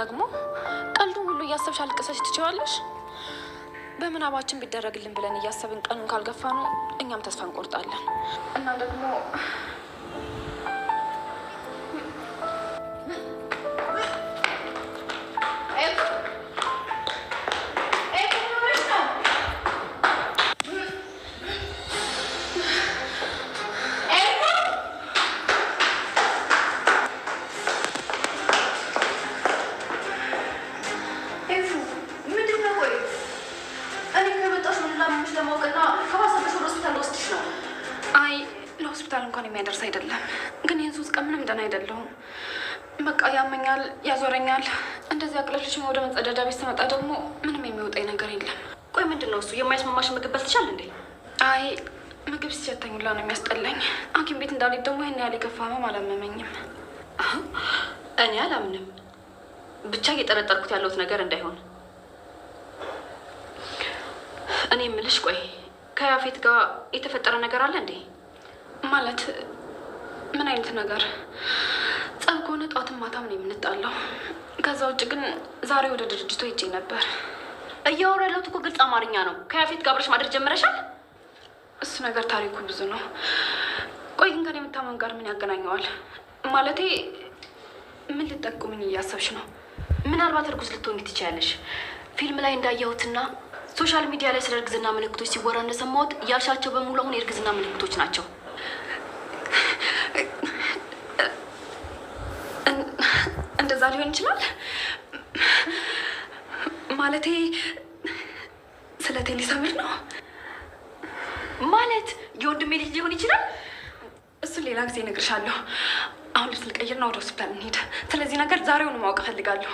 ደግሞ ቀልዱን ሁሉ እያሰብሽ አልቅሰሽ ትችዋለሽ። በምናባችን ቢደረግልን ብለን እያሰብን ቀኑን ካልገፋ ነው እኛም ተስፋ እንቆርጣለን እና ደግሞ የሚያደርስ አይደለም። ግን ይህን ሶስት ቀን ምንም ደህና አይደለሁም። በቃ ያመኛል፣ ያዞረኛል። እንደዚህ አቅለልሽ ወደ መጸዳጃ ቤት ስመጣ ደግሞ ምንም የሚወጣኝ ነገር የለም። ቆይ ምንድን ነው እሱ? የማይስማማሽ ምግብ በልተሻል እንዴ? አይ ምግብ ሲሸተኝ ሁላ ነው የሚያስጠላኝ። ሐኪም ቤት እንዳልሄድ ደግሞ ይህን ያህል የከፋ ህመም አላመመኝም። እኔ አላምንም። ብቻ እየጠረጠርኩት ያለሁት ነገር እንዳይሆን እኔ የምልሽ ቆይ ከያፌት ጋር የተፈጠረ ነገር አለ እንዴ? ማለት ምን አይነት ነገር? ጸብ ከሆነ ጧትም ማታም ነው የምንጣለው። ከዛ ውጭ ግን ዛሬ ወደ ድርጅቱ ሄጄ ነበር። እያወራ ያለሁት እኮ ግልጽ አማርኛ ነው። ከያፌት ጋር አብረሽ ማድረግ ጀምረሻል? እሱ ነገር ታሪኩ ብዙ ነው። ቆይ ግን ከኔ የምታመን ጋር ምን ያገናኘዋል? ማለቴ ምን ልጠቁምኝ እያሰብሽ ነው? ምናልባት እርጉዝ ልትሆኝ ትችያለሽ። ፊልም ላይ እንዳየሁትና ሶሻል ሚዲያ ላይ ስለ እርግዝና ምልክቶች ሲወራ እንደሰማሁት ያልሻቸው በሙሉ አሁን የእርግዝና ምልክቶች ናቸው። እንደዛ ሊሆን ይችላል። ማለቴ ስለቴ ሊሰምር ነው ማለት የወንድሜ ልጅ ሊሆን ይችላል። እሱን ሌላ ጊዜ እነግርሻለሁ። አሁን ልትልቀይር ነው፣ ወደ ሆስፒታል እንሄድ። ስለዚህ ነገር ዛሬውን ማወቅ እፈልጋለሁ።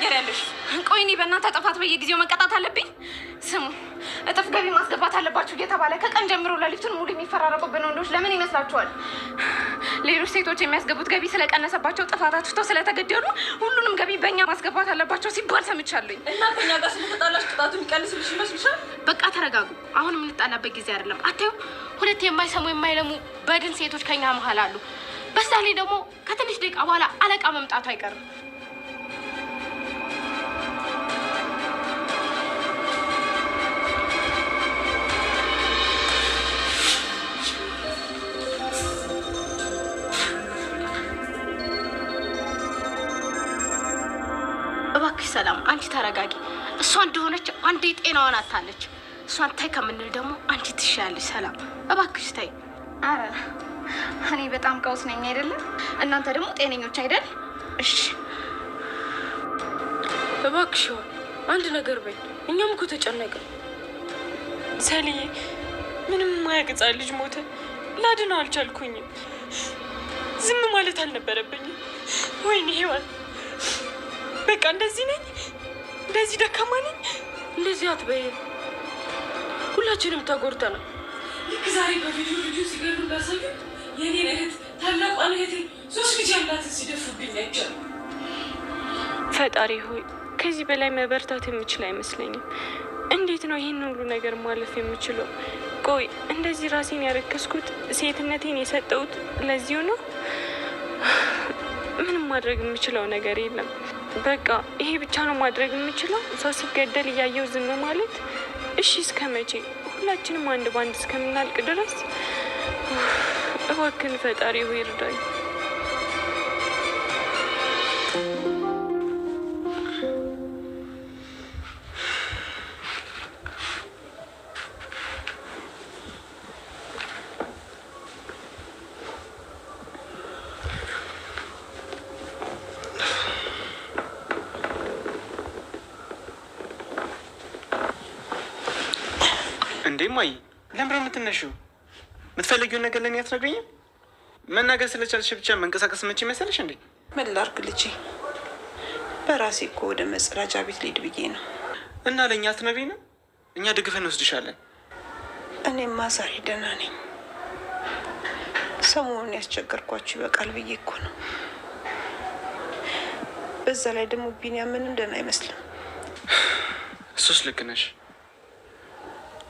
ትናገሪያለሽ? ቆይ እኔ በእናንተ ጥፋት በየጊዜው መቀጣት አለብኝ? ስሙ እጥፍ ገቢ ማስገባት አለባችሁ እየተባለ ከቀን ጀምሮ ሌሊቱን ሙሉ የሚፈራረቁብን ወንዶች ለምን ይመስላችኋል? ሌሎች ሴቶች የሚያስገቡት ገቢ ስለቀነሰባቸው ጥፋት አጥፍተው ስለተገደሉ ሁሉንም ገቢ በእኛ ማስገባት አለባቸው ሲባል ሰምቻለኝ። እና ከኛ ጋር ስለተጣላሽ ቅጣቱ የሚቀንስልሽ ይመስልሻል? በቃ ተረጋጉ። አሁን የምንጣላበት ጊዜ አይደለም። አታዩ ሁለት የማይሰሙ የማይለሙ በድን ሴቶች ከኛ መሀል አሉ። በዛ ላይ ደግሞ ከትንሽ ደቂቃ በኋላ አለቃ መምጣቱ አይቀርም። ሰላም፣ አንቺ ተረጋጊ። እሷ እንደሆነች አንዴ ጤናዋን አታለች። እሷን ታይ ከምንል ደግሞ አንቺ ትሻያለች። ሰላም እባክሽ ታይ። አረ እኔ በጣም ቀውስ ነኝ አይደለም? እናንተ ደግሞ ጤነኞች አይደል? እሺ እባክሽ አንድ ነገር በይ። እኛም እኮ ተጨነቀ። ሰልዬ ምንም ማያቅጻ ልጅ ሞተ። ላድነው አልቻልኩኝም። ዝም ማለት አልነበረብኝም። ወይኔ ሔዋን በቃ እንደዚህ ነኝ፣ እንደዚህ ደካማ ነኝ፣ እንደዚህ አትበይ። ሁላችንም ተጎድተናል። ልክ ዛሬ በቪዲዮ ልጁ ሲገዱ እንዳሳዩ የኔን እህት ታላቋን እህቴ ሶስት ጊዜ ያላትን ሲደፉብኝ አይቻል። ፈጣሪ ሆይ ከዚህ በላይ መበርታት የምችል አይመስለኝም። እንዴት ነው ይህን ሁሉ ነገር ማለፍ የምችለው? ቆይ እንደዚህ ራሴን ያረከስኩት ሴትነቴን የሰጠሁት ለዚሁ ነው። ምንም ማድረግ የምችለው ነገር የለም። በቃ ይሄ ብቻ ነው ማድረግ የምችለው። ሰው ሲገደል እያየው ዝም ማለት እሺ፣ እስከ መቼ? ሁላችንም አንድ ባንድ እስከምናልቅ ድረስ እባክን ፈጣሪ ይርዳኝ። እንዴ ማይ ለምረ የምትነሺው? የምትፈልጊውን ነገር ለእኔ አትነግሪኝም? መናገር ስለቻልሽ ብቻ መንቀሳቀስ መቼ ይመስልሽ እንዴ? ምን ላድርግ ልጄ፣ በራሴ እኮ ወደ መጸዳጃ ቤት ልሂድ ብዬ ነው። እና ለእኛ ነው? እኛ ደግፈን እንወስድሻለን። እኔማ ዛሬ ደህና ነኝ። ሰሞኑን ያስቸገርኳችሁ ይበቃል ብዬ እኮ ነው። በዛ ላይ ደግሞ ቢኒያም ምንም ደህና አይመስልም። እሱስ ልክ ነሽ።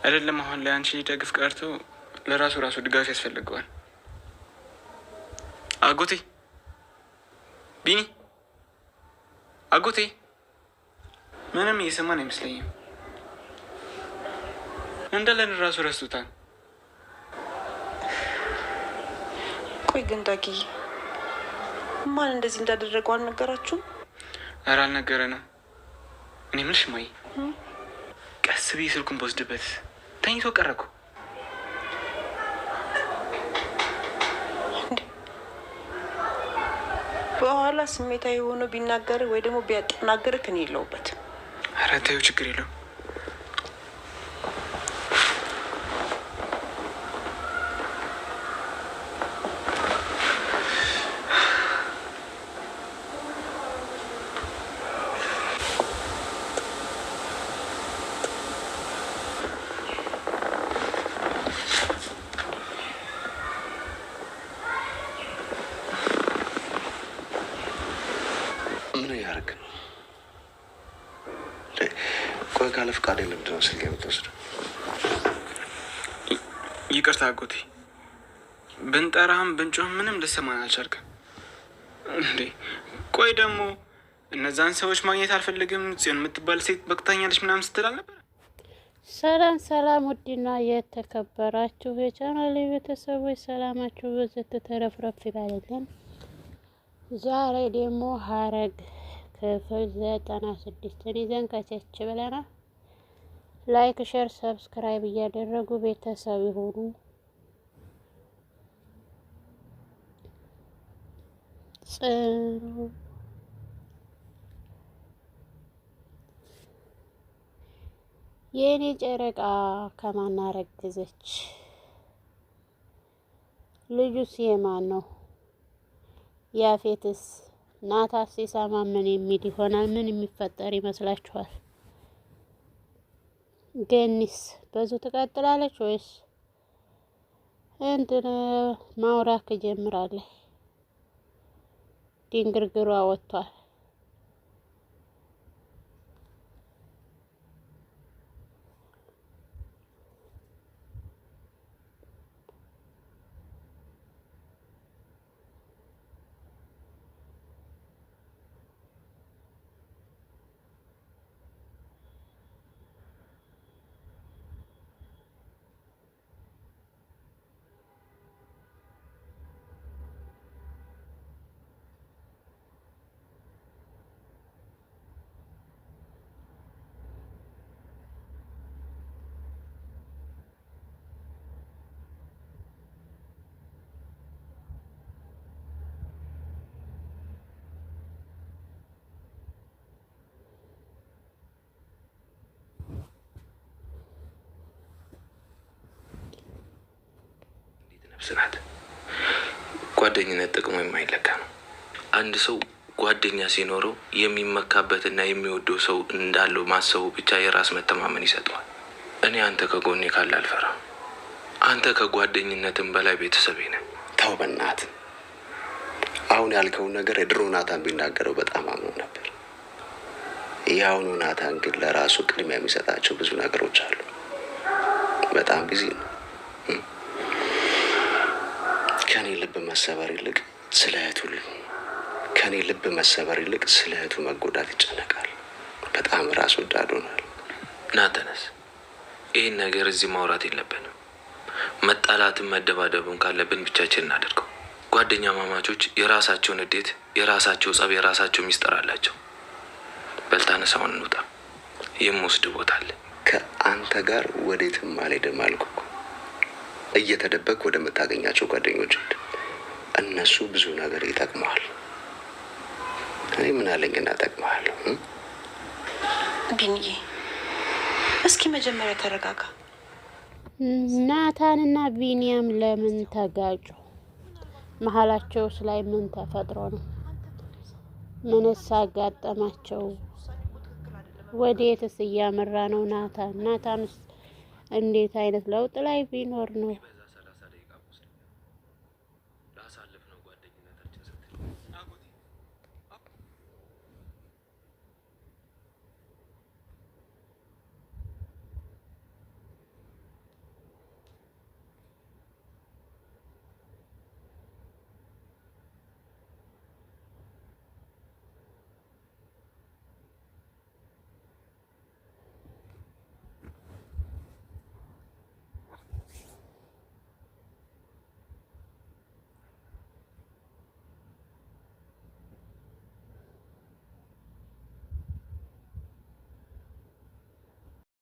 አይደለም አሁን ላይ አንቺ ሊደግፍ ቀርቶ ለራሱ ራሱ ድጋፍ ያስፈልገዋል። አጎቴ ቢኒ፣ አጎቴ ምንም እየሰማን አይመስለኝም። እንዳለን ራሱ ረስቶታል። ቆይ ግን ዳጊ ማን እንደዚህ እንዳደረገው አልነገራችሁም? ኧረ አልነገረንም። እኔ ምልሽ ማይ ቀስ ብዬ ስልኩን በወስድበት ተኝቶ ቀረኩ። በኋላ ስሜታዊ ሆኖ ቢናገር ወይ ደግሞ ቢያጠናግርህ ክን የለውበት። ኧረ ተይው ችግር የለውም። ፈቃድ ለምንድን ነው ስልክ የምትወስደው? ይቅርታ አጎቴ፣ ብንጠራህም ብንጮህም ምንም ልትሰማን አልቻልክም። እንዴ ቆይ ደግሞ እነዛን ሰዎች ማግኘት አልፈልግም ጽዮን የምትባል ሴት በቅታኛለች ምናምን ስትል አልነበረ? ሰላም ሰላም፣ ውድና የተከበራችሁ የቻናል ቤተሰቦች ሰላማችሁ በዘት ተረፍረፍ ይባለልን። ዛሬ ደግሞ ሀረግ ክፍል ዘጠና ስድስትን ይዘን ከቸች ብለናል። ላይክ፣ ሼር፣ ሰብስክራይብ እያደረጉ ቤተሰብ ይሁኑ። ጽኑ የእኔ ጨረቃ ከማን አረገዘች? ልጁስ የማን ነው? ያፌትስ ናታስ ሲሰማ ምን የሚል ይሆናል? ምን የሚፈጠር ይመስላችኋል? ገኒስ በዙ ትቀጥላለች ወይስ እንትን ማውራት ትጀምራለች? ድንግርግሯ ወጥቷል። ጽናት፣ ጓደኝነት ጥቅሙ የማይለካ ነው። አንድ ሰው ጓደኛ ሲኖረው የሚመካበትና የሚወደው ሰው እንዳለው ማሰቡ ብቻ የራስ መተማመን ይሰጠዋል። እኔ አንተ ከጎኔ ካለ አልፈራም። አንተ ከጓደኝነትም በላይ ቤተሰቤ ነህ። ተው በናት። አሁን ያልከውን ነገር የድሮ ናታን ቢናገረው በጣም አምኖ ነበር። የአሁኑ ናታን ግን ለራሱ ቅድሚያ የሚሰጣቸው ብዙ ነገሮች አሉ። በጣም ጊዜ ነው። መሰበር ይልቅ ስለ እህቱ ከእኔ ልብ መሰበር ይልቅ ስለ እህቱ መጎዳት ይጨነቃል። በጣም ራስ ወዳድ ሆናል። ናተነስ፣ ይህን ነገር እዚህ ማውራት የለብንም። መጣላትን መደባደቡን ካለብን ብቻችን እናደርገው። ጓደኛ ማማቾች የራሳቸውን እዴት፣ የራሳቸው ጸብ፣ የራሳቸው ሚስጥር አላቸው። በልታነሳውን እንውጣ። የምወስድ ቦታ አለ። ከአንተ ጋር ወዴትም አልሄድም አልኩ እኮ። እየተደበቅ ወደ ምታገኛቸው ጓደኞች ሄድ እነሱ ብዙ ነገር ይጠቅመዋል። እኔ ምን ግን ጠቅመዋለሁ። ቢንዬ እስኪ መጀመሪያ ተረጋጋ። ናታንና ቢንያም ለምን ተጋጩ? መሀላቸውስ ላይ ምን ተፈጥሮ ነው? ምንስ አጋጠማቸው? ወዴትስ እያመራ ነው ናታን? ናታንስ እንዴት አይነት ለውጥ ላይ ቢኖር ነው?